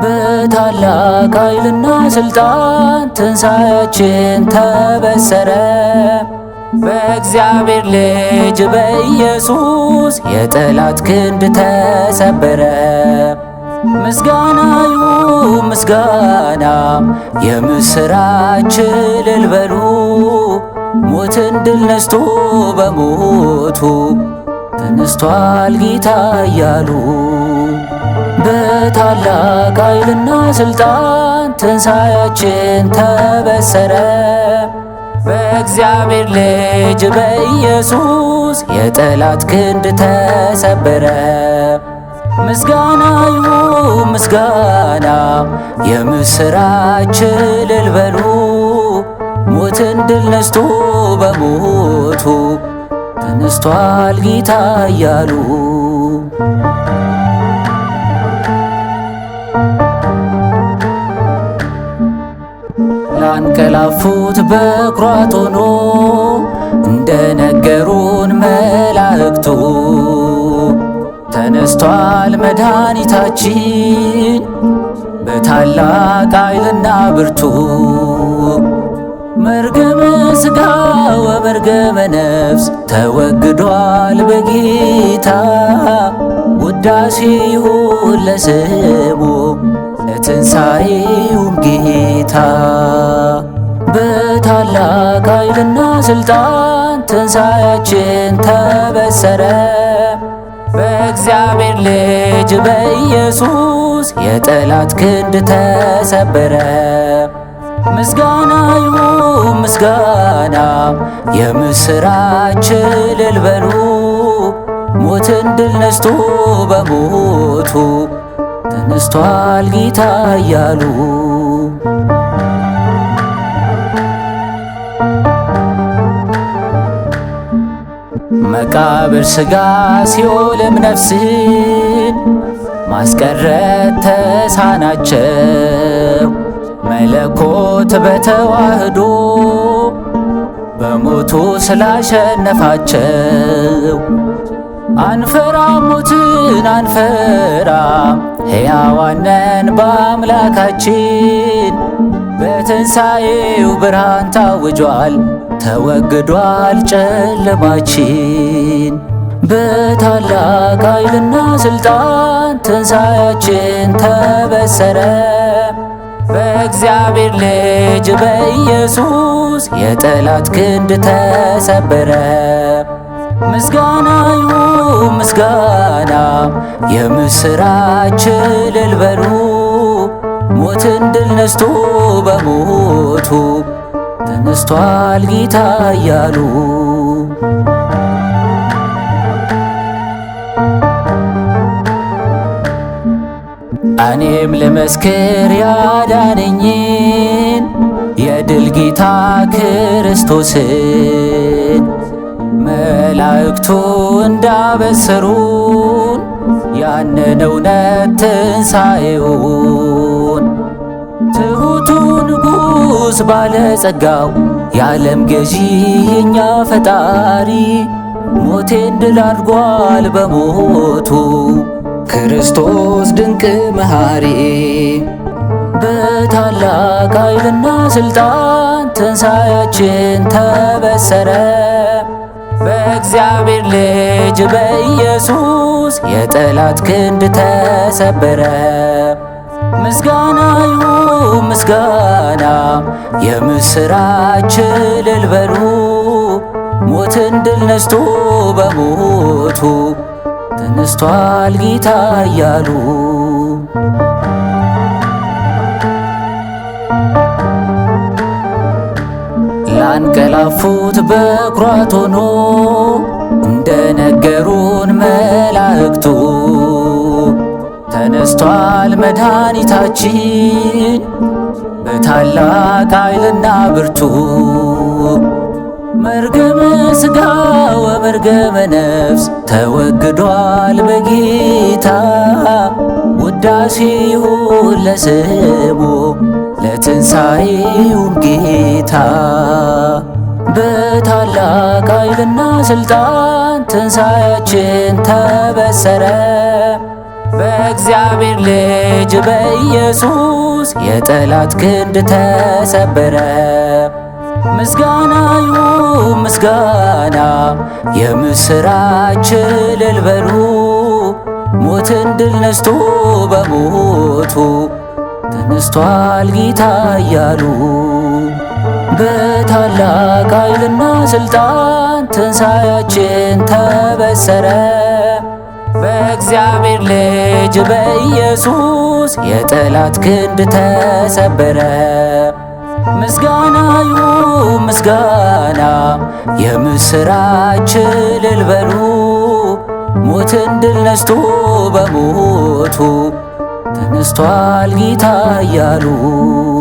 በታላቅ ኃይልና ስልጣን ትንሣኤያችን ተበሰረ። በእግዚአብሔር ልጅ በኢየሱስ የጠላት ክንድ ተሰበረ። ምስጋና ዩ ምስጋና፣ የምስራች እልል በሉ። ሞትን ድል ነስቶ በሞቱ ተነስቷል ጌታ እያሉ በታላቅ ኃይልና ስልጣን ትንሣያችን ተበሰረ። በእግዚአብሔር ልጅ በኢየሱስ የጠላት ክንድ ተሰበረ። ምስጋና ይሁን ምስጋና፣ የምስራች እልል በሉ። ሞትን ድል ነስቶ በሞቱ ተነስቷል ጌታ እያሉ ላንቀላፉት በኩራት ሆኖ እንደነገሩን መላእክቱ ተነስቷል መድኃኒታችን በታላቅ ኃይልና ብርቱ መርገመ ሥጋ ወመርገመ ነፍስ ተወግዷል በጌታ ውዳሴ ይሁን ለስሙ ትንሣኤውም ጌታ በታላቅ ኃይልና ስልጣን ትንሣያችን ተበሰረ። በእግዚአብሔር ልጅ በኢየሱስ የጠላት ክንድ ተሰበረ። ምስጋና ይሁን ምስጋና፣ የምስራች ልልበሉ በሉ ሞትን ድል ነስቶ በሞቱ ተነስቷል ጌታ እያሉ መቃብር ሥጋ ሲኦልም ነፍስን ማስቀረት ተሳናቸው። መለኮት በተዋህዶ በሞቱ ስላሸነፋቸው አንፈራ ሞትን አንፈራም ሕያዋን በአምላካችን በትንሣኤው ብርሃን ታውጇል፣ ተወግዷል ጨለማችን። በታላቅ ኃይልና ሥልጣን ትንሣኤያችን ተበሰረ። በእግዚአብሔር ልጅ በኢየሱስ የጠላት ክንድ ተሰበረ። ምስጋና ምስጋና የምስራች ልልበሉ በሉ ሞትን ድል ነስቶ በሞቱ ተነስቷል ጌታ እያሉ እኔም ልመስክር ያዳነኝን የድል ጌታ ክርስቶስን መላእክቱ እንዳበሰሩን ያንን እውነት ትንሣኤውን ትሑቱ ንጉሥ ባለጸጋው የዓለም ገዢ የእኛ ፈጣሪ ሞቴን ድል አድርጓል በሞቱ ክርስቶስ ድንቅ መሐሪ በታላቅ ኃይልና ሥልጣን ትንሣኤያችን ተበሰረ። በእግዚአብሔር ልጅ በኢየሱስ የጠላት ክንድ ተሰበረ። ምስጋና ይሁን ምስጋና፣ የምስራች እልል በሉ። ሞትን ድል ነስቶ በሞቱ ተነስቷል ጌታ እያሉ ያንቀላፉት በኩራት ሆኖ እንደነገሩን መላእክቱ ተነስቷል መድኃኒታችን በታላቅ ኃይልና ብርቱ መርገመ ሥጋ ወመርገመ ነፍስ ተወግዷል በጌታ ውዳሴ ይሁን ለስሙ ለትንሣኤውም ጌታ በታላቅ ኃይልና ሥልጣን ትንሣኤያችን ተበሰረ። በእግዚአብሔር ልጅ በኢየሱስ የጠላት ክንድ ተሰበረ። ምስጋና ይሁን ምስጋና፣ የምስራች እልል በሉ ሞትን ድል ነስቶ በሞቱ ተነስቷል ጌታ እያሉ በታላቅ ኃይልና ስልጣን ትንሣያችን ተበሰረ። በእግዚአብሔር ልጅ በኢየሱስ የጠላት ክንድ ተሰበረ። ምስጋና ይሁን ምስጋና፣ የምስራች እልል በሉ ሞትን ድል ነስቶ በሞቱ ተነስቷል ጌታ እያሉ